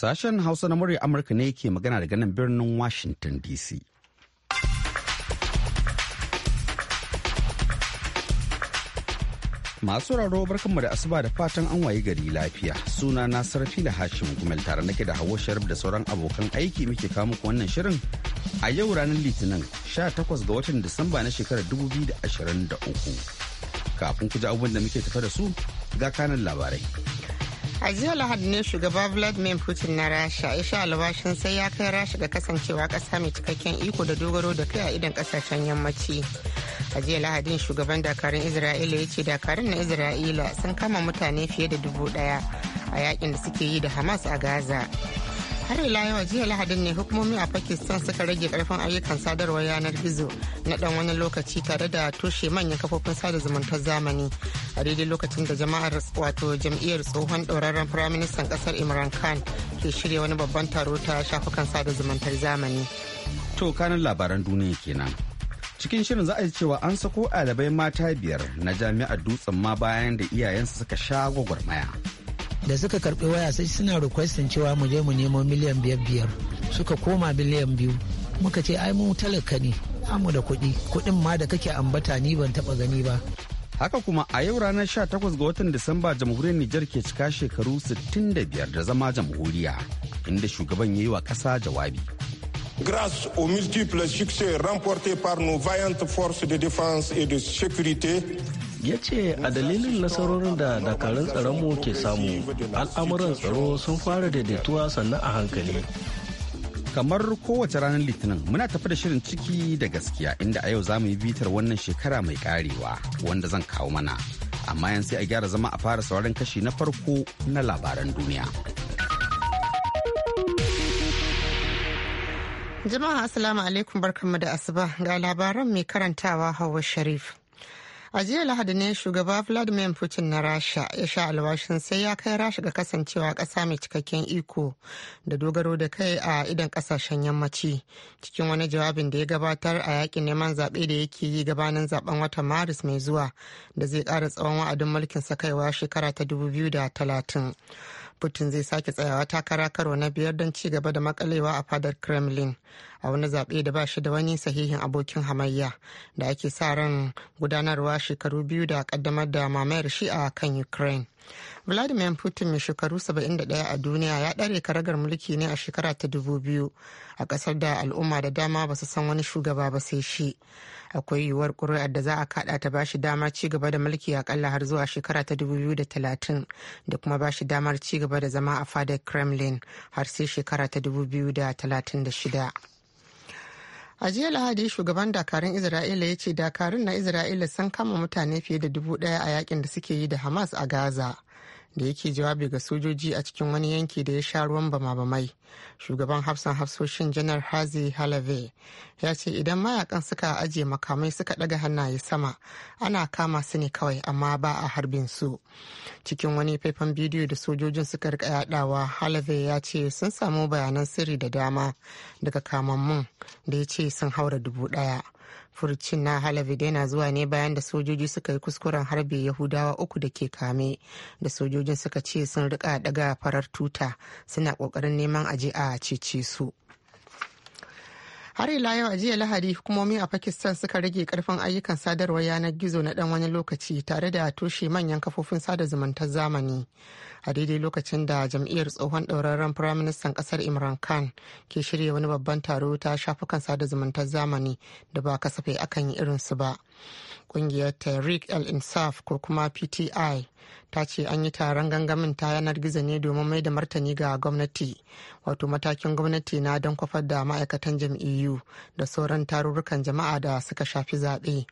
Sashen Hausa na murya Amurka ne ke magana daga nan birnin Washington DC. Masu raro barkanmu da asuba da fatan an wayi gari lafiya. Suna na da Hashim Gumel tare nake da hawo Sharif da sauran abokan aiki muke kawo muku wannan shirin a yau ranar Litinin 18 ga watan Disamba na shekarar 2023. Kafin ku ji abubuwan da muke tafa da su ga kanan labarai. a jiya lahadi ne shugaba vladimir putin na rasha ya sha albashin sai ya kai rasha ga kasancewa kasa mai cikakken iko da dogaro da kai a idan kasashen yammaci a jiya lahadin shugaban dakarun isra'ila ya ce dakarun na isra'ila sun kama mutane fiye da dubu ɗaya a yakin da suke yi da hamas a gaza har ila yau jiya lahadin ne hukumomi a pakistan suka rage karfin ayyukan sadarwar yanar gizo na dan wani lokaci tare da toshe manyan kafofin sada zumuntar zamani a daidai lokacin da jama'ar wato jam'iyyar tsohon dauraren firaministan kasar imran khan ke shirya wani babban taro ta shafukan sada zumuntar zamani to kanin labaran duniya kenan cikin shirin za a yi cewa an sako ɗalibai mata biyar na jami'ar dutsen ma bayan da iyayensu suka sha gwagwarmaya. da suka karbi waya sai suna requestin cewa mu je mu nemo miliyan biyar biyar suka koma miliyan biyu muka ce ai mu talaka ne amu da kuɗi kuɗin ma da kake ambata ni ban taɓa gani ba haka kuma a yau ranar 18 ga watan disamba jamhuriyar nijar ke cika shekaru 65 da zama jamhuriya inda shugaban ya yi wa kasa jawabi Grâce aux multiples succès remportés par nos vaillantes forces de défense et de sécurité, ya ce a dalilin nasarorin da dakarun tsaronmu ke samu al'amuran tsaro sun fara daidaituwa sannan a hankali kamar kowace ranar litinin muna tafi da shirin ciki da gaskiya inda a yau za mu yi bitar wannan shekara mai karewa wanda zan kawo mana amma yan sai a gyara zama a fara sauran kashi na farko na labaran duniya jama'a assalamu alaikum barkanmu da asuba ga labaran mai karantawa hawa sharif a jiya lahadi ne shugaba vladimir putin na rasha ya sha alwashin sai ya kai rasha ga kasancewa ƙasa mai cikakken iko da dogaro da kai a idan ƙasashen yammaci cikin wani jawabin da ya gabatar a yakin neman zaɓe da yake yi gabanin zaben watan maris mai zuwa da zai ƙara tsawon wa'adin mulkin sakaiwa shekara ta 2030 Putin zai sake tsayawa takara karo na biyar don ci gaba da makalewa a fadar Kremlin a wani zaɓe da ba shi da wani sahihin abokin hamayya da ake sa ran gudanarwa shekaru biyu da kaddamar da mamayar shi a kan ukraine vladimir putin mai shekaru 71 a duniya ya ɗare karagar mulki ne a shekara ta 2000 a ƙasar da al'umma da dama ba su san wani shugaba ba sai shi akwai yiwuwar ƙuri'ar da za a kaɗa ta shi dama ci gaba da mulki aƙalla har zuwa shekara ta 2030 da kuma ba shi damar ci gaba da zama a fadar kremlin har sai shekara ta shida. a jiya lahadi shugaban dakarun isra'ila ya ce dakarun na isra'ila sun kama mutane fiye da dubu daya a yakin da suke yi da hamas a gaza da yake jawabi ga sojoji a cikin wani yanki da ya sha ruwan bama-bamai shugaban hafsan hafsoshin janar hazi halave ya ce idan mayakan suka ajiye makamai suka daga hannaye sama ana kama su ne kawai amma ba a harbin su cikin wani faifan bidiyo da sojojin suka rika yadawa halave ya ce sun samu bayanan sirri da dama daga kamammun da ya ce sun haura dubu daya furcin na halabid yana zuwa ne bayan da sojoji suka yi kuskuren harbe yahudawa uku da ke kame da sojojin suka ce sun rika daga farar tuta suna kokarin neman aji a cece su har ila yau a jiya lahadi hukumomi a pakistan suka rage karfin ayyukan sadarwar yanar gizo na dan wani lokaci tare da toshe manyan kafofin sada zumuntar zamani a daidai lokacin da jam'iyyar tsohon ɗauraren firaministan ƙasar imran khan ke shirya wani babban taro ta shafukan sada zumuntar zamani da ba kasafai akan yi irinsu ba ƙungiyar tariq al-insaf ko kuma pti ta ce an yi taron gangamin ta yanar gizo ne domin mai da martani ga gwamnati wato matakin gwamnati na don kwafar da ma'aikatan jam'iyyu da sauran tarurrukan jama'a da suka shafi zaɓe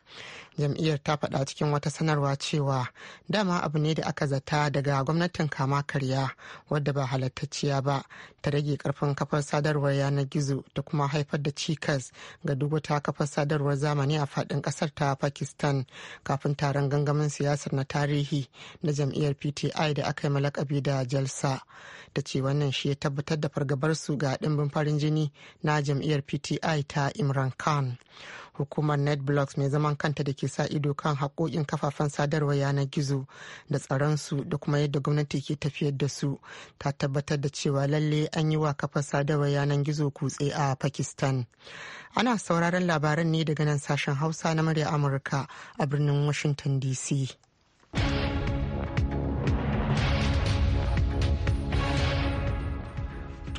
jam'iyyar ta faɗa cikin wata sanarwa cewa dama abu ne da aka zata daga gwamnatin kama karya wadda ba halattacciya ba ta rage karfin kafar sadarwar yanar gizo da kuma haifar da cikas ga duk wata kafar sadarwar zamani a faɗin ƙasar ta pakistan kafin taron gangamin siyasar na tarihi na jam'iyyar pti da aka yi malakabi da jalsa ta ce wannan shi ya tabbatar da fargabarsu ga ɗimbin farin jini na jam'iyyar pti ta imran khan hukumar netblocks mai zaman kanta da ke sa ido kan haƙoƙin kafafen sadarwar yanar gizo da tsaronsu da kuma yadda gwamnati ke tafiyar da su ta tabbatar da cewa lalle an yi wa kafar sadarwar yanar gizo kutse a pakistan ana sauraron labaran ne daga nan sashen hausa na murya amurka a birnin washington dc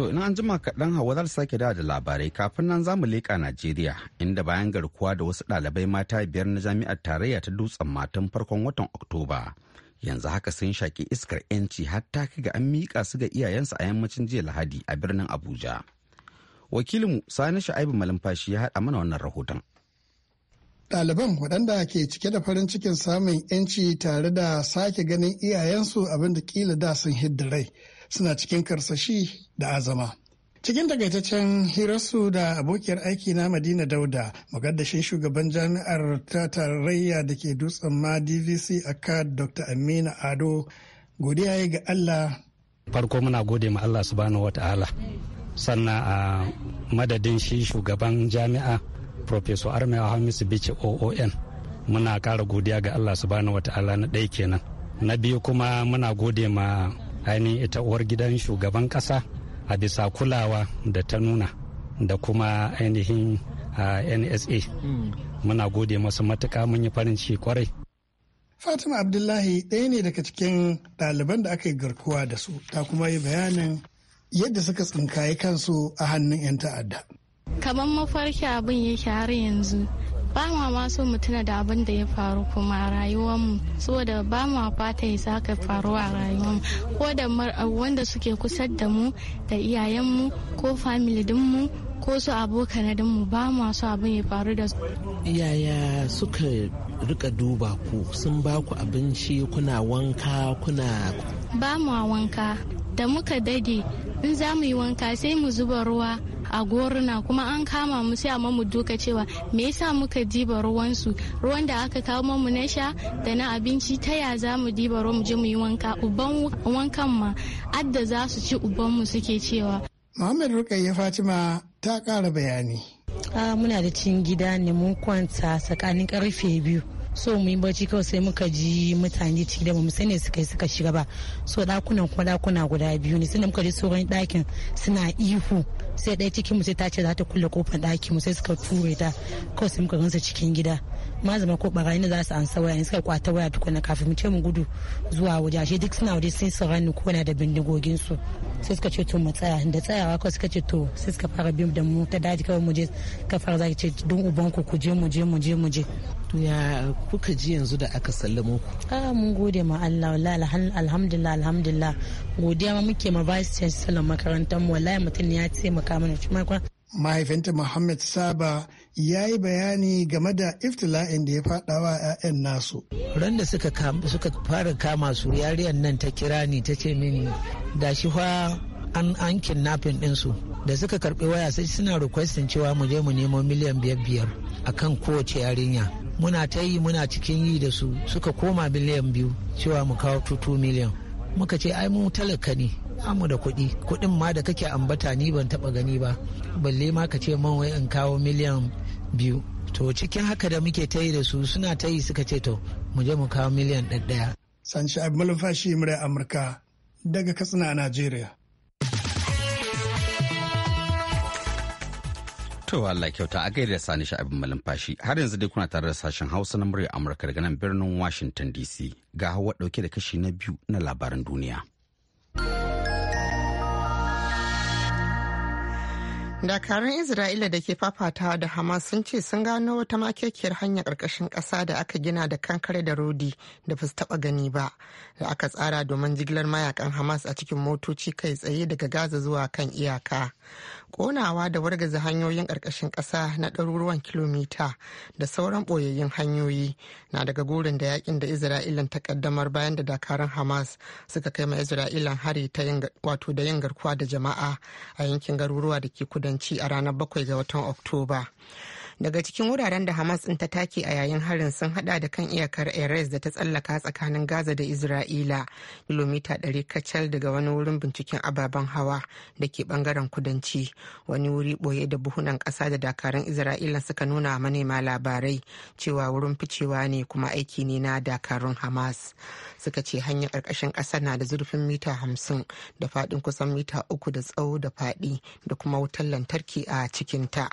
To ina an jima kaɗan hawa za sake da da labarai kafin nan mu leƙa Najeriya inda bayan garkuwa da wasu ɗalibai mata biyar na jami'ar tarayya ta dutsen matan farkon watan Oktoba. Yanzu haka sun shaƙi iskar 'yanci har ta ga an miƙa su ga iyayensu a yammacin jiya Lahadi a birnin Abuja. Wakilinmu Sani Sha'ibu Malumfashi ya haɗa mana wannan rahoton. Ɗaliban waɗanda ke cike da farin cikin samun 'yanci tare da sake ganin iyayensu abin da kila da sun hidda rai. suna cikin karsashi da azama. Cikin takaitaccen hirarsu da abokiyar aiki na Madina Dauda, magaddashin shugaban jami'ar ta tarayya da ke dutsen ma DVC a Dr. Amina Ado, godiya ga Allah. Farko muna gode ma Allah subhanahu ala sannan a madadin shi shugaban jami'a Professor Armewa hamis Bice OON. Muna kara godiya ga Allah subhanahu ala na ɗaya kenan. Na biyu kuma muna gode ma ainihin ita uwar gidan shugaban kasa a bisa kulawa da ta nuna da kuma ainihin nsa hmm. muna gode masu matuka mun yi farin ciki kwarai fatima abdullahi ɗaya ne daga cikin ɗaliban da aka yi garkuwa da su ta kuma yi bayanin yadda suka tsinkaye kansu a hannun 'yan ta'adda kamar mafarki abin yake har yanzu ba ma ma so mu tuna da abin da ya faru kuma a rayuwarmu saboda ba ma fata ya saka faru a rayuwarmu ko da wanda suke kusa da mu da iyayenmu ko family dinmu ko su mu ba ma so abin ya faru da su. suka rika duba ku sun ba ku abinci kuna wanka kuna. Ba ma wanka da muka dade in za mu yi wanka sai mu zuba ruwa a goruna kuma an kama mu sai amma mu duka cewa me yasa muka diba ruwansu ruwan da aka kawo mu na sha da na abinci ta ya za mu diba ruwan mu je mu yi wanka uban wankan ma adda za su ci uban mu suke cewa Muhammad Rukayya Fatima ta ƙara bayani. A muna da cin gida ne mun kwanta tsakanin karfe biyu. so mu yi bacci kawai sai muka ji mutane ciki da mu sani suka suka shiga ba so dakunan kuma dakuna guda biyu ne sannan muka ji tsoron dakin suna ihu sai ɗaya cikin mu sai ta ce za ta kulle kofar ɗaki mu sai suka ture ta kawai sai muka gansa cikin gida ma zama ko barayi ne za su ansa waya ne suka kwata waya tukuna kafin mu ce mu gudu zuwa waje ashe duk suna waje sun sarani ko na da bindigogin su sai suka ce to mu tsaya da tsayawa ko suka ce to sai suka fara bin da mu ta daji kawai mu je ka fara zaki ce don uban ku ku je mu je mu je mu je to ya kuka ji yanzu da aka sallamo ku a mun gode ma Allah wallahi alhamdulillah alhamdulillah godiya ma muke ma vice chancellor makarantar mu wallahi mutum ya ce shi ma mana mahaifinta Muhammad Saba ya yi bayani game da iftila'in da ya faɗawa 'ya'yan nasu. Ran da suka fara kama su yariyar nan ta kira ni ta ce mini da shi fa an an kidnapping ɗinsu da suka karɓi waya sai suna requesting cewa mu je mu nemo miliyan biyar biyar akan kowace yarinya muna ta yi muna cikin yi da su suka koma miliyan biyu cewa mu kawo tutu miliyan muka ce ai mu talaka ne amu da kuɗi kuɗin ma da kake ambata ni ban taɓa gani ba balle ma ka ce man wai in kawo miliyan biyu to cikin haka da muke ta yi da su suna ta yi suka ce to mu je mu kawo miliyan ɗaya. sanci abu malumfashi murai amurka daga katsina a najeriya To Allah kyauta a gaida sani sha'abin malumfashi har yanzu dai kuna tare da sashen Hausa na murya Amurka daga nan birnin Washington DC ga hawa dauke da kashi na biyu na labaran duniya. dakarun isra'ila da ke fafata da hamas sun ce sun gano wata makekiyar hanyar ƙarƙashin ƙasa da aka gina da kankare da rodi da ba su taɓa gani ba da aka tsara domin jigilar mayakan hamas a cikin motoci kai tsaye daga gaza zuwa kan iyaka ƙonawa da wargaza hanyoyin ƙarƙashin ƙasa na ɗaruruwan kilomita da sauran ɓoyayyun hanyoyi na daga gurin da yakin da isra'ilan ta ƙaddamar bayan da dakarun hamas suka kai ma isra'ilan hari ta wato da yin garkuwa da jama'a a yankin garuruwa da ke kudan ci a ranar 7 ga watan Oktoba. daga cikin wuraren da hamas in ta take a yayin harin sun hada da kan iyakar erez da ta tsallaka tsakanin gaza da isra'ila kilomita 100 kacal daga wani wurin binciken ababen hawa da ke bangaren kudanci wani wuri boye da buhunan ƙasa da dakarun isra'ila suka nuna manema labarai cewa wurin ficewa ne kuma aiki ne na dakarun hamas suka ce hanyar karkashin kasa na da zurfin mita hamsin da faɗin kusan mita uku da tsawo da faɗi da kuma wutar lantarki a cikinta.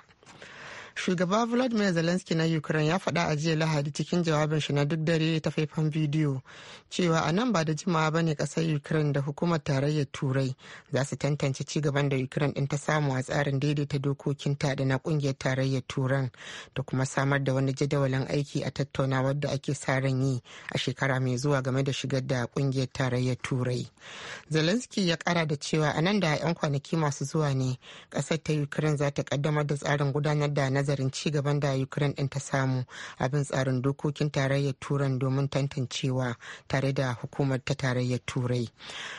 shugaba vladimir zelensky na ukraine ya faɗa a jiya lahadi cikin jawabin shi na duk dare ta faifan bidiyo cewa a nan ba da jimawa ba ne ƙasar ukraine da hukumar tarayyar turai za su tantance ci gaban da ukraine din ta samu a tsarin daidaita dokokin da na ƙungiyar tarayyar turan da kuma samar da wani jadawalin aiki a tattaunawar da ake sa ran yi a shekara mai zuwa game da shigar da ƙungiyar tarayyar turai zelensky ya kara da cewa a nan da 'yan kwanaki masu zuwa ne ƙasar ta ukraine za ta ƙaddamar da tsarin gudanar da na nazarin ci gaban da ukraine din ta samu abin tsarin dokokin tarayyar turan domin tantancewa tare da hukumar ta tarayyar turai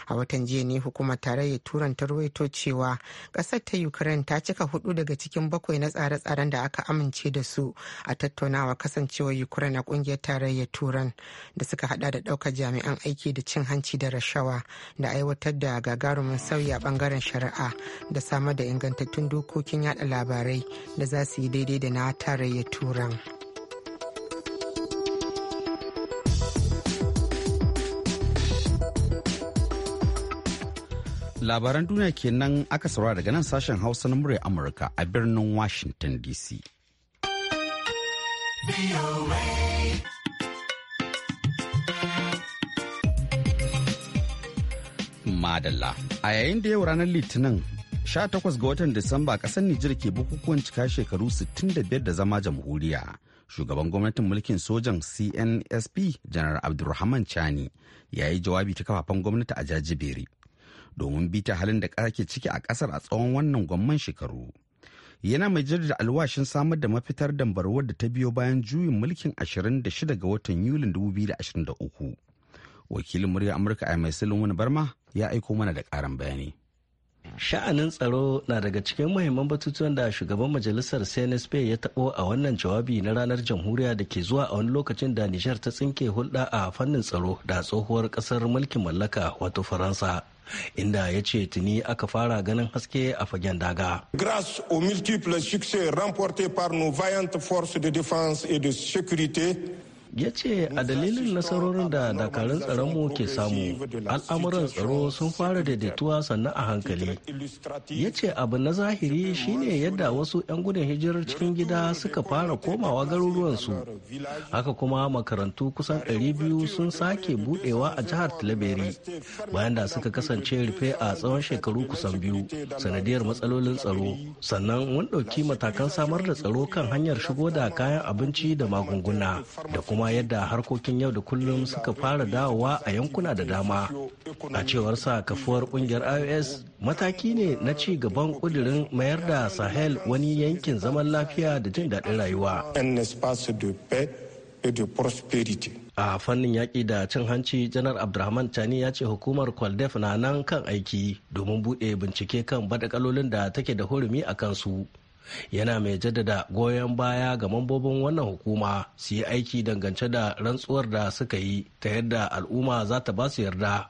a watan jiya ne hukumar tarayyar turan ta ruwaito cewa kasar ta ukraine ta cika hudu daga cikin bakwai na tsare-tsaren da aka amince da su a tattaunawa kasancewar ukraine a kungiyar tarayyar turan da suka hada da daukar jami'an aiki da cin hanci da rashawa da aiwatar da gagarumin sauya bangaren shari'a da samar da ingantattun dokokin yada labarai da za su yi daidai da na tarayya turan labaran duniya kenan aka saurara daga nan sashen hausa na murya amurka a birnin washington dc madalla a yayin da yau ranar litinin 18 ga watan Disamba kasar Nijar ke bukukuwan cika shekaru 65 da zama jamhuriya. Shugaban gwamnatin mulkin sojan CNSP Janar Abdulrahman Chani ya yi jawabi ta kafafen gwamnati a jajibere domin bita halin da ke ciki a ƙasar a tsawon wannan gwamman shekaru. Yana mai jaddada alwashin samar da mafitar dambarwar da ta biyo bayan juyin mulkin 26 ga watan Yulin 2023. Wakilin murya Amurka a mai Barma ya aiko mana da ƙarin bayani. Sha'anin tsaro na daga cikin muhimman batutuwan da shugaban majalisar CNSP ya taɓo a wannan jawabi na ranar jamhuriya da ke zuwa a wani lokacin da Nijar ta tsinke hulɗa a fannin tsaro da tsohuwar ƙasar mulkin mallaka wato Faransa. inda ya ce tuni aka fara ganin haske a fagen daga. Grâce aux multiples succès remportés par nos vaillantes forces de défense et de sécurité, ya ce a dalilin nasarorin da dakarun tsaronmu ke samu al'amuran tsaro sun fara daidaituwa sannan a hankali ya ce abu na zahiri shine yadda wasu 'yan gudun hijirar cikin gida suka fara komawa garuruwansu haka kuma makarantu kusan 200 sun sake budewa a jihar tilaberi bayan da suka kasance rufe a tsawon shekaru kusan biyu sanadiyar matsalolin tsaro sannan mun ɗauki matakan samar da tsaro kan hanyar shigo da kayan abinci da magunguna da kuma kuma yadda harkokin yau da kullum suka fara dawowa a yankuna da dama a cewar sa kafuwar kungiyar ios mataki ne na ci gaban kudirin mayar da sahel wani yankin zaman lafiya da jin daɗin rayuwa a fannin yaƙi da cin hanci janar abdulrahman tani ya ce hukumar kwaldef na nan kan aiki domin buɗe bincike kan badakalolin da take da hurumi a kansu yana mai jaddada goyon baya ga mambobin wannan hukuma su yi aiki dangance da rantsuwar da suka yi ta yadda al'umma za ta ba su yarda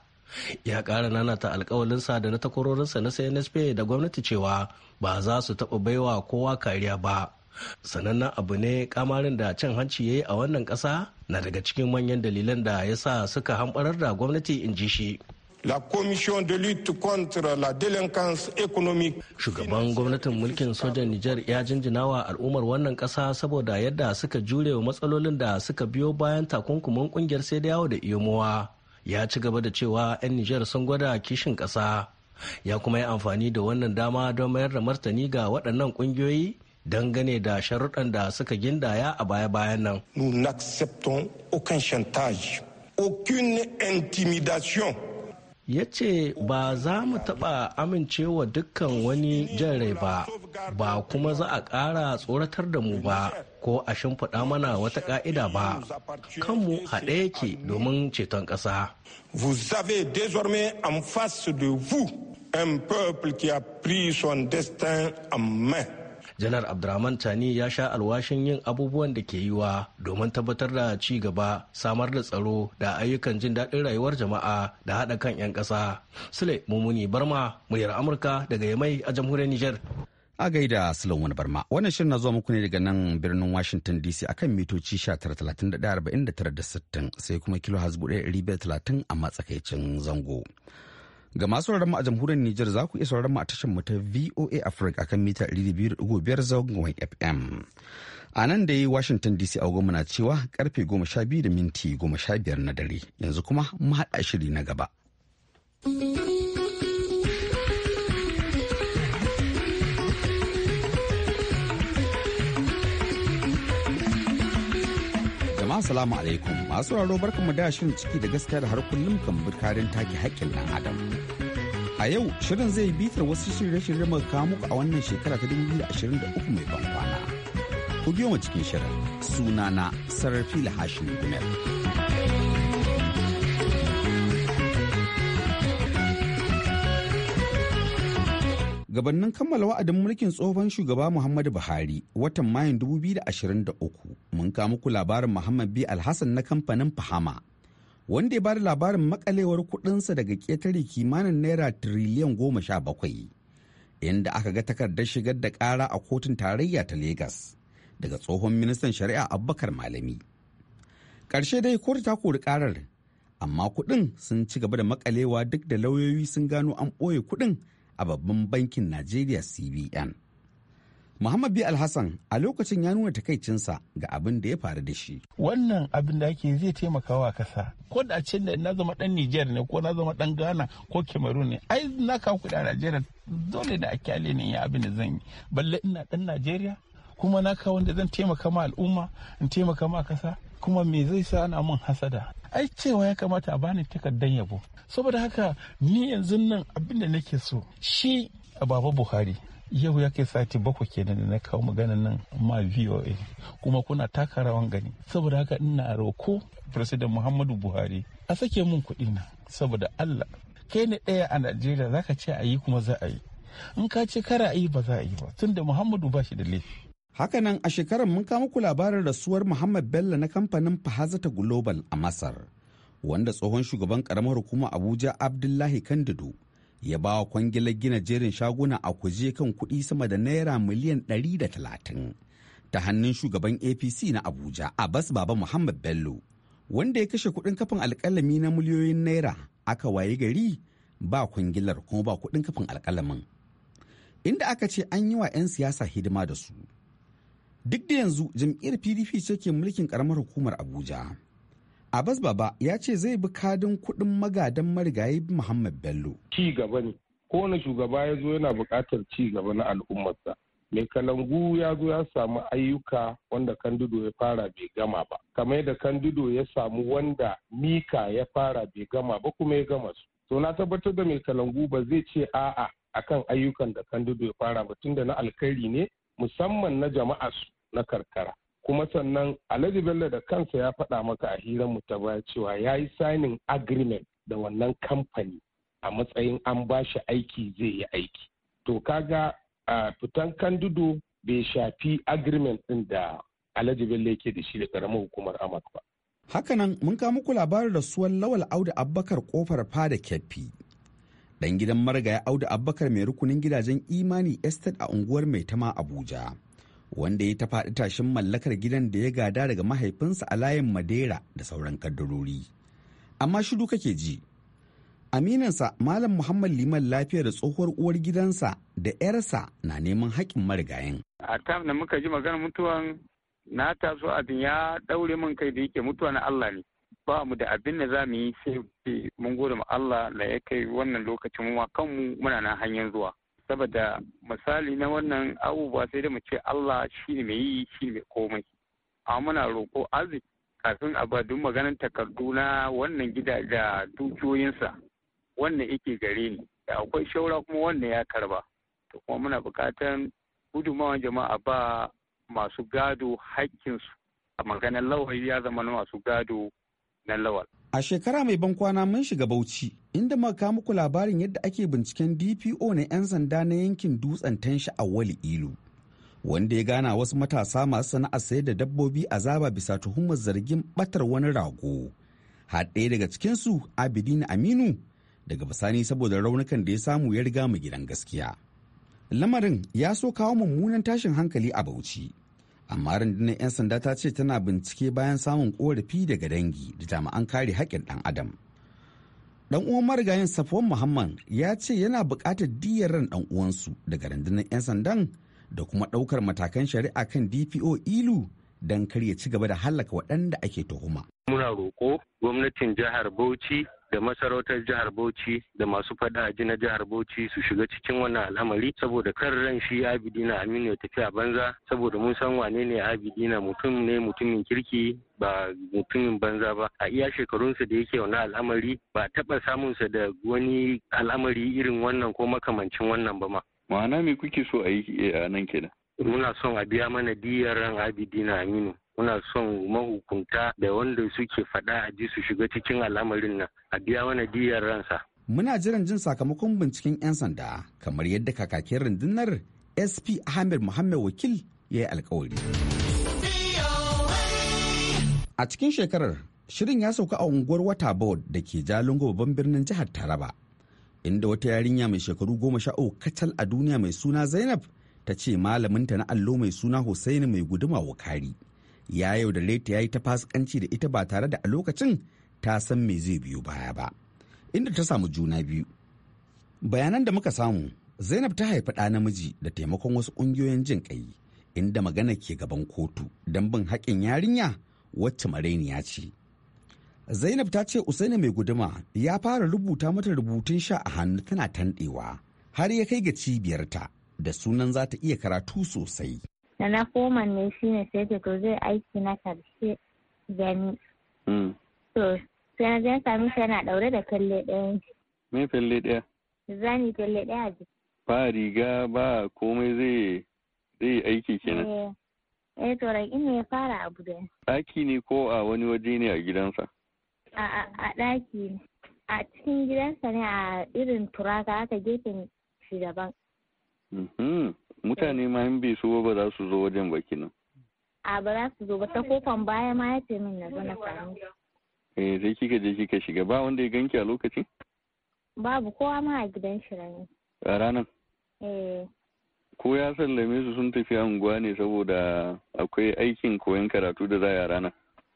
ya ƙara nanata alkawalinsa da na takwarorinsa na cnsp da gwamnati cewa ba za su taɓa baiwa kowa kariya ba sanannen abu ne kamarin da cin hanci ya yi a wannan ƙasa na daga cikin manyan dalilan da ya sa suka hamɓarar da gwamnati in ji shi la commission de lutte contre la délinquance économique. Shugaban gwamnatin mulkin sojan Nijar ya jinjina wa al'ummar wannan kasa saboda yadda suka jure wa matsalolin da suka biyo bayan takunkumin kungiyar sai da yawo da iyomowa. Ya ci gaba da cewa 'yan Nijar sun gwada kishin kasa Ya kuma yi amfani da wannan dama don mayar da martani ga waɗannan ƙungiyoyi dangane da sharuɗan da suka gindaya a baya-bayan nan. Nous n'acceptons aucun chantage, aucune intimidation ya ce ba za mu taɓa amincewa dukkan wani jan rai ba ba kuma za a ƙara tsoratar da mu ba ko a shimfiɗa mana wata ƙa'ida ba kanmu haɗe yake domin ceton ƙasa vous avez de vous un peuple qui a pris destin en janar abdulrahman tani ya sha alwashin yin abubuwan da ke yiwa domin tabbatar da ci gaba samar da tsaro da ayyukan jin daɗin rayuwar jama'a da haɗa kan 'yan ƙasa sule mumuni barma muryar amurka daga yamai a jamhuriyar niger a gaida wani Barma. Wannan shirin na zuwa muku ne daga nan birnin Washington DC akan mitoci 60 sai kuma kilo hasbu a matsakaicin zango. Ga masu mu a jamhuriyar Nijar za ku iya sauraron mu a tashar mu ta VOA Africa kan mita 200.5 zangon FM. A nan da yi Washington DC a goma na cewa karfe 12 da minti 15 na dare. Yanzu kuma mu haɗa shiri na gaba. Assalamu alaikum masu raro barkamu da shirin ciki da gaskiya da har kullum kan bukarin take haƙƙin ɗan adam. A yau shirin zai bitar wasu shirye-shirye mu kawo a wannan shekara ta 2023 mai ban Ku biyo mu cikin shirin sunana Sarrafi hashin Gumel. gabannin kammala wa'adin mulkin tsohon shugaba muhammadu buhari watan mayun 2023 mun kama ku labarin muhammad b alhassan na kamfanin fahama wanda ya bada labarin makalewar kudinsa daga ketare kimanin naira tiriliyan goma sha bakwai inda aka ga takardar shigar da ƙara a kotun tarayya ta Legas daga tsohon ministan shari'a abubakar malami Karshe dai kotu ta kori ƙarar, amma kuɗin sun ci gaba da makalewa duk da lauyoyi sun gano an ɓoye kuɗin a babban bankin Najeriya CBN. Muhammad B. Alhassan a lokacin ya nuna takaicinsa ga abin da ya faru da shi. Wannan abin da ake zai taimaka wa kasa. Ko da ce da na zama dan Nijar ne ko na zama dan Ghana ko Cameroon ne. Ai na kawo kuɗi a Najeriya dole da a kyale ne ya abin da zan yi. Balle ina dan Najeriya kuma na kawo wanda zan taimaka ma al'umma in taimaka ma kasa kuma me zai sa ana mun hasada ai cewa ya kamata a bani takardar yabo saboda haka ni yanzu nan abin da nake so shi a baba buhari yau ya kai sati bakwai kenan da na kawo magana nan ma voa kuma kuna taka rawan gani saboda haka ina roko president muhammadu buhari a sake mun kuɗi na saboda allah kai ne ɗaya a najeriya zaka ce a yi kuma za a yi in ka ce kara a yi ba za a yi ba tunda muhammadu ba shi da laifi Hakanan a shekarar mun kama ku labarin rasuwar Muhammad Bello na kamfanin Fahazata Global a Masar, wanda tsohon shugaban karamar hukumar Abuja Abdullahi Kandido ya ba wa kwangilar gina jerin shaguna a kuje kan kuɗi sama da naira miliyan 130 ta hannun shugaban APC na Abuja Abbas Baba Muhammad Bello, wanda ya kashe kuɗin kafin alkalami na miliyoyin naira aka waye gari ba kwangilar kuma ba kuɗin kafin alkalamin. Inda aka ce an yi wa 'yan siyasa hidima da su. duk da yanzu jam'iyyar pdp ce ke mulkin karamar hukumar abuja abbas baba ya ce zai bi kadin kuɗin magadan marigayi muhammad bello ci gaba ne kowane shugaba ya zo yana buƙatar ci gaba na al'ummarsa mai kalangu ya zo ya samu ayyuka wanda kandido ya fara bai gama ba kamar yadda kandido ya samu wanda mika ya fara bai gama ba kuma ya gama su to na tabbatar da mai kalangu ba zai ce a'a akan ayyukan da kandido ya fara ba tunda na alkhairi ne musamman na jama'a na karkara kuma sannan alhaji bello da kansa ya faɗa maka a hirar mu ta baya cewa ya yi signing agreement da wannan kamfani a matsayin an ba shi aiki zai yi aiki to kaga a fitan kandido bai shafi agreement ɗin da alhaji bello yake da shi da karamar hukumar amak ba hakanan mun kawo muku labarin rasuwar lawal audu abbakar kofar fada kyafi. dan gidan marigaya audu Abubakar mai rukunin gidajen imani estate a unguwar mai tama abuja wanda ya ta faɗi tashin mallakar gidan da ya gada daga mahaifinsa a layin madera da sauran kaddarori amma shiru kake ji aminansa malam muhammad liman lafiyar da tsohuwar uwar gidansa da 'yarsa na neman haƙƙin marigayin a tam da muka ji maganar mutuwan na taso abin ya ɗaure min kai da yake mutuwa na allah ne ba mu da abin da za mu yi sai mun gode ma Allah da ya kai wannan lokacin mu kanmu muna nan hanyar zuwa saboda misali na wannan abubuwa sai da mu ce Allah shi ne mai yi shi ne komai A muna roƙo arziki kafin a ba duk maganar takardu na wannan gida da dukiyoyinsa wannan yake gare ni da akwai shaura kuma wannan ya karba to kuma muna buƙatar gudunmawar jama'a ba masu gado haƙƙinsu. a maganar lawari ya zama na masu gado A shekara mai ban kwana mun shiga Bauchi inda muka muku labarin yadda ake binciken DPO na 'yan sanda na yankin dutsen tanshi a wali ilu. Wanda ya gana wasu matasa masu sana'ar sayar da dabbobi a zaba bisa tuhumar zargin batar wani rago. Har ɗaya daga cikinsu Abidin Aminu daga bisani saboda raunukan da ya samu ya riga mu gidan gaskiya. Lamarin ya so kawo mummunan tashin hankali a Bauchi. amma rundunar 'yan sanda ta ce tana bincike bayan samun korafi daga dangi da jami'an kare haƙƙin ɗan adam ɗan uwan marigayin safuwan muhammad ya ce yana buƙatar diyar ran ɗan uwansu daga rundunar 'yan sandan da kuma ɗaukar matakan shari'a kan dpo ilu don karya ya ci gaba da hallaka waɗanda ake tuhuma. muna roƙo gwamnatin jihar bauchi da masarautar jihar Bauchi da masu fada ji na jihar Bauchi su shiga cikin wannan al'amari saboda kan ran shi Abidina Aminu ya tafi a banza saboda mun san wane ne Abidina mutum ne mutumin kirki ba mutumin banza ba a iya shekarunsa da yake wani al'amari ba taɓa samunsa da wani al'amari irin wannan ko makamancin wannan ba ma. ma'ana me kuke so a yi eh, a nan kenan muna son a biya mana diyar ran abidina aminu muna son mahukunta da wanda suke faɗa a ji su shiga cikin al'amarin nan a biya mana diyar ransa muna jiran jin sakamakon binciken 'yan sanda kamar yadda kakakin rundunar sp ahmed muhammad wakil ya yi alkawari a cikin shekarar shirin ya sauka a unguwar wata board da ke jalingo babban birnin jihar taraba inda wata yarinya mai shekaru goma sha kacal a duniya mai suna zainab ta ce malaminta na allo mai suna Hussaini mai guduma wukari ya yau da leta ya yi ta fasikanci da ita ba tare da a lokacin ta san me zai biyo baya ba inda ta samu juna biyu bayanan da muka samu zainab ta haifi ɗa namiji da taimakon wasu ƙungiyoyin jin ƙai inda magana ke gaban kotu don bin haƙƙin yarinya wacce marainiya ce zainab ta ce usaini mai guduma ya fara rubuta mata rubutun sha a hannu tana tanɗewa har ya kai ga cibiyarta da sunan za ta iya karatu sosai. Da na koma ne shi ne sai to zai aiki na karshe gani. Hmm. To, sai na sami shi yana ɗaure da kalle ɗaya. Me kalle ɗaya? Zani kalle ɗaya ji. Ba riga ba komai zai zai aiki kenan. Eh, eh to rai ne ya fara abu da. Ɗaki ne ko a wani waje ne a gidansa? A ɗaki ne. A cikin gidansa ne a irin turaka haka gefen shi daban. Mm-hmm. mutane ma in bai so ba za su zo wajen baki nan a ba za su zo ba ta kofan baya ma ya ce min na zo na samu eh sai kika je kika shiga ba wanda ya ganki a lokacin babu kowa ma a gidan shi rani a ranar eh ko ya sallame su sun tafi unguwa ne saboda akwai aikin koyon karatu da za a rana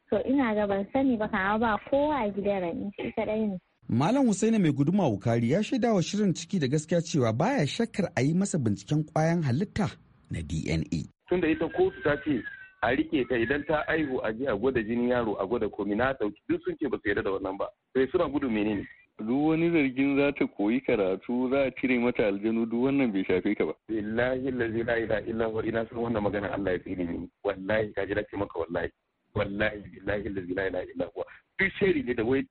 to ina ga ban sani ba kama ba kowa a gidan rani shi kadai ne Malam Husaini mai guduma wukari ya shaida wa shirin ciki da gaskiya cewa baya shakkar a yi masa binciken kwayan halitta na DNA. Tun da ita kotu ta ce a rike ta idan ta aihu a ji a gwada jini yaro a gwada komi na dauki duk sun ce ba su yarda da wannan ba. Sai suna gudu menene? duk wani zargin za ta koyi karatu za a cire mata aljanu duk wannan bai shafe ka ba. Wallahi lazi la ila illa wa ina san wannan magana Allah ya tsini ni wallahi ka ji ce maka wallahi wallahi billahi lazi la ila illa duk shari ne da wai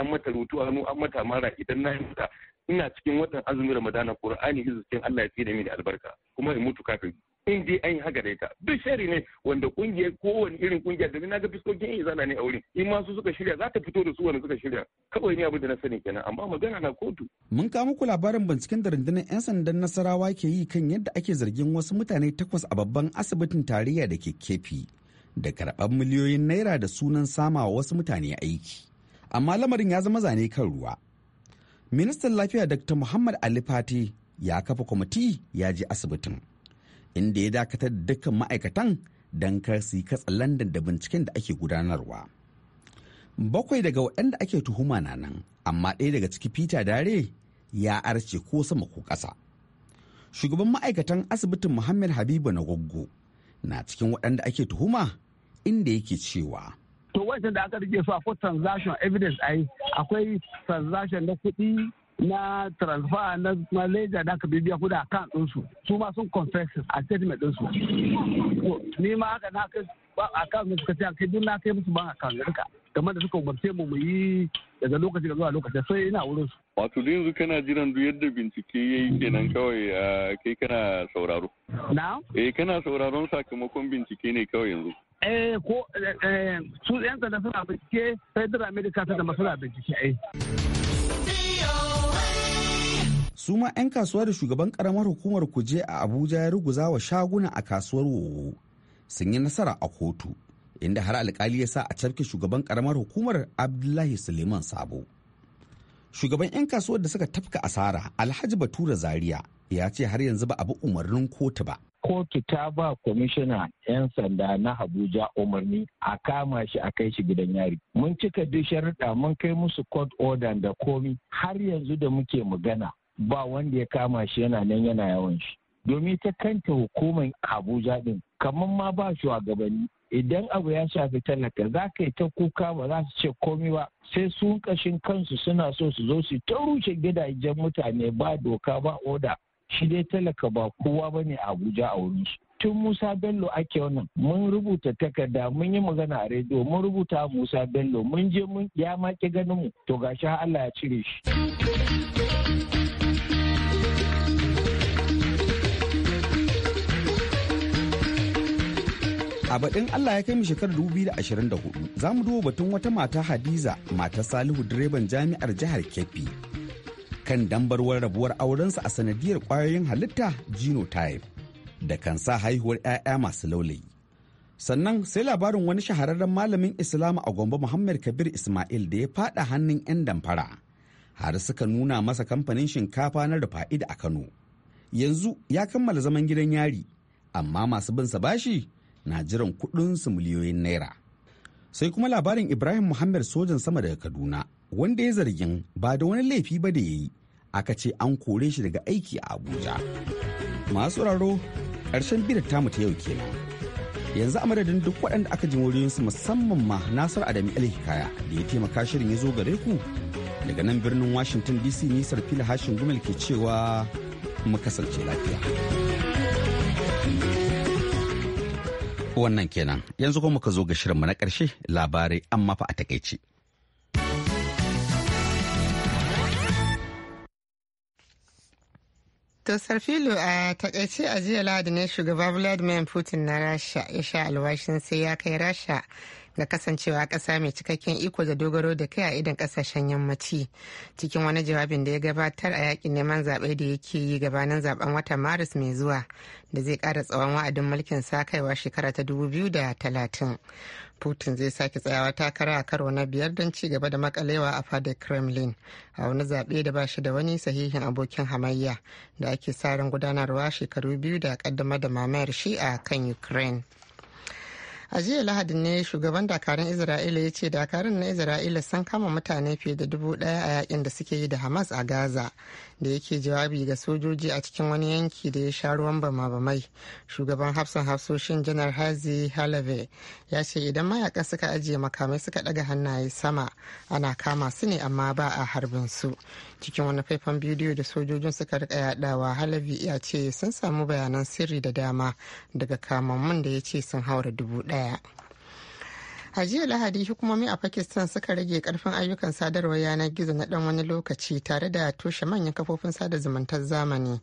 an mata rutu hannu an mata mara idan na yi mata ina cikin watan azumin ramadana qur'ani izinin Allah ya da mini albarka kuma in mutu kafin in dai an yi haka da ita duk shari ne wanda kungiyar kowane irin kungiya da na ga fiskokin yi zana ne a wurin in ma su suka shirya za ta fito da su wani suka shirya kawai ne abin da na sani kenan amma magana na kotu. mun kawo muku labarin binciken da rundunar yan sandan nasarawa ke yi kan yadda ake zargin wasu mutane takwas a babban asibitin tarayya da ke kefi da karɓar miliyoyin naira da sunan sama wa wasu mutane aiki amma lamarin ya zama zane kan ruwa ministan lafiya dr muhammad ali fati ya kafa kwamiti ya je asibitin inda ya dakatar da dukkan ma'aikatan don kar su yi katsalandan da binciken da ake gudanarwa bakwai daga waɗanda ake tuhuma na nan amma ɗaya daga ciki peter dare ya arce ko sama ko ƙasa shugaban ma'aikatan asibitin muhammad habibu na goggo na cikin waɗanda ake tuhuma inda yake cewa to wancan da aka rike su akwai transaction evidence ai akwai transaction na kuɗi na transfer na malaysia da aka bibiya kuɗi a kan ɗinsu su ma sun confess a statement ɗinsu ni ma haka na kai a kan suka ce kai duk na kai musu ban a kan duka kamar da suka umarce mu mu yi daga lokaci zuwa lokaci sai ina wurin su. Wato da yanzu kana jiran duk yadda bincike ya yi kenan kawai ah, kai kana sauraro. Na? Eh kana sauraron sakamakon bincike ne kawai yanzu. eh ko eh, yan sanda suna bincike federal america da suna bincike eh. suma 'yan kasuwa da shugaban karamar hukumar kuje a abuja ya ruguza wa shaguna a kasuwar wowo sun yi nasara a kotu inda har alkali ya sa a cafke shugaban karamar hukumar abdullahi suleiman sabo shugaban 'yan kasuwar da suka tafka asara alhaji batura zaria ya ce har yanzu ba a bi umarnin kotu ba kotu ta ba kwamishina 'yan sanda na Habuja umarni a kama shi a kai shi gidan yari. Mun cika duk sharuɗa mun kai musu court order da komi har yanzu da muke magana ba wanda ya kama shi yana nan yana yawan shi. Domin ta kanta hukumar Abuja ɗin kamar ma ba shugabanni idan abu ya shafi talaka za ka yi ta kuka ba za su ce komi ba sai sun kashin kansu suna so su zo su ta rushe gidajen mutane ba doka ba oda shi dai talaka ba kowa ba ne a abuja a wurin su tun musa bello ake wannan mun rubuta takarda mun yi magana a rediyo mun rubuta musa bello mun je mun ya maki ganin mu to gashi allah ya cire shi A baɗin Allah ya kai mu shekarar 2024 za mu duba batun wata mata Hadiza matar Salihu direban jami'ar jihar Kebbi kan dambarwar rabuwar aurensa a sanadiyar kwayoyin halitta genotype da kan sa haihuwar 'ya'ya masu laulayi. Sannan sai labarin wani shahararren malamin islamu a Gombe Muhammad Kabir Ismail da ya fada hannun 'yan damfara. Har suka nuna masa kamfanin shinkafa na rufa'ida a Kano. Yanzu ya kammala zaman gidan yari, amma masu binsa bashi na jiran kuɗinsu miliyoyin naira. sai kuma labarin ibrahim muhammad sojan sama daga kaduna wanda ya zargin ba da wani laifi ba da ya yi aka ce an kore shi daga aiki a abuja masu raro karshen bidar tamu ta yau kenan yanzu a madadin duk waɗanda aka ji su musamman ma nasar adami alhikaya da ya taimaka shirin ya zo gare ku daga nan birnin washington dc nisar fili hashin gumel ke cewa mu kasance lafiya. wannan kenan yanzu kuma muka zo ga shirinmu na ƙarshe labarai amma fa a takaice. Dr. Filo a takaice a jiya Lahadi ne shugaba Vladimir Putin na Rasha ya sha alwashin sai ya kai Rasha ga kasancewa ƙasa mai cikakken iko da dogaro da kai a idan ƙasashen yammaci cikin wani jawabin da ya gabatar a yakin neman zaɓe da yake yi gabanin zaben watan maris mai zuwa da zai ƙara tsawon wa'adin mulkin sa kaiwa shekara ta 2030 putin zai sake tsayawa takara a karo na biyar don ci gaba da makalewa a fadar kremlin a wani zaɓe da ba shi da wani sahihin abokin hamayya da ake sa ran gudanarwa shekaru biyu da ƙaddamar da mamayar shi a kan ukraine a jiya lahadin ne shugaban dakarun isra'ila ya ce dakarun na isra'ila sun kama mutane fiye da dubu daya a yakin da suke yi da hamas a gaza da yake jawabi ga sojoji a cikin wani yanki da ya sha ruwan bama-bamai shugaban hafsan hafsoshin janar hazi halave ya ce idan mayaka suka ajiye makamai suka daga hannaye sama ana kama su ne amma ba a harbin su cikin wani faifan bidiyo da sojojin suka rika yadawa halavi ya ce sun samu bayanan sirri da dama daga kamammun da ya ce sun haura dubu daya. A jiya Lahadi hukumomi a Pakistan suka rage karfin ayyukan sadarwar yanar gizo na dan wani lokaci tare da toshe manyan kafofin sada zumuntar zamani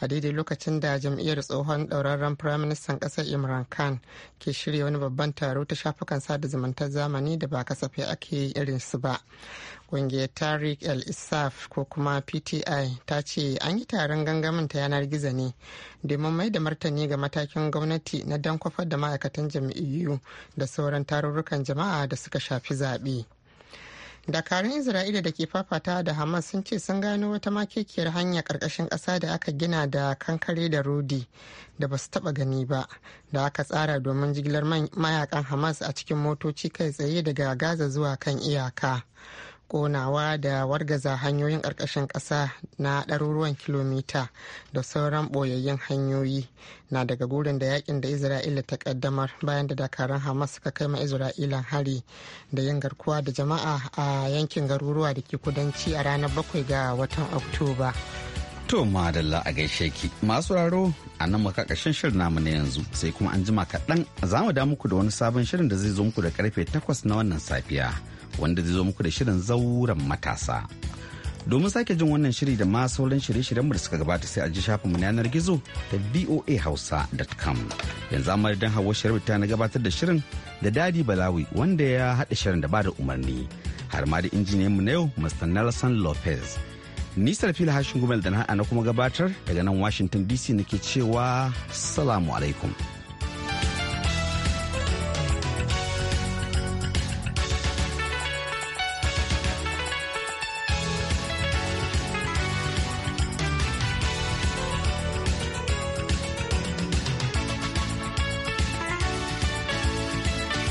a daidai lokacin da jam'iyyar tsohon ɗaurarren firaministan ƙasar Imran Khan ke shirya wani babban taro ta shafukan sada zumuntar zamani da ba kasafai ake irin su ba. kungiyar tariq el isaf ko kuma pti ta ce an yi taron gangamin ta yanar gizo ne domin mai da martani ga matakin gwamnati na dan kwafar da ma'aikatan jam'iyyu da sauran tarurrukan jama'a da suka shafi zaɓe. dakarun isra'ila da ke fafata da hamas sun ce sun gano wata makekiyar hanya ƙarƙashin ƙasa da aka gina da kankare da rodi da ba su taba gani ba da aka tsara domin jigilar mayakan hamas a cikin motoci kai tsaye daga gaza zuwa kan iyaka konawa da wargaza hanyoyin ƙarƙashin ƙasa na ɗaruruwan kilomita da sauran boyayyen hanyoyi na daga gurin da yakin da isra'ila ta ƙaddamar bayan da dakarun hamas suka kai ma isra'ila hari da yin garkuwa da jama'a a yankin garuruwa da ke kudanci a ranar bakwai ga watan oktoba To madalla a gaishe ki masu raro a nan makakashin shirin namu na yanzu sai kuma an jima kaɗan za mu da muku da wani sabon shirin da zai zo muku da karfe takwas na wannan safiya. wanda zai zo muku da shirin zauren matasa. Domin sake jin wannan shiri da ma sauran shirye-shiryenmu da suka gabata sai a ji shafinmu na yanar gizo da voahausa.com. Yanzu amma don hawa shirin ta na gabatar da shirin da Dadi Balawi wanda ya haɗa shirin da ba da umarni. Har ma da injiniyanmu na yau Mr. Nelson Lopez. Nisar fili hashin gumel da na kuma gabatar daga nan Washington DC nake cewa salamu alaikum.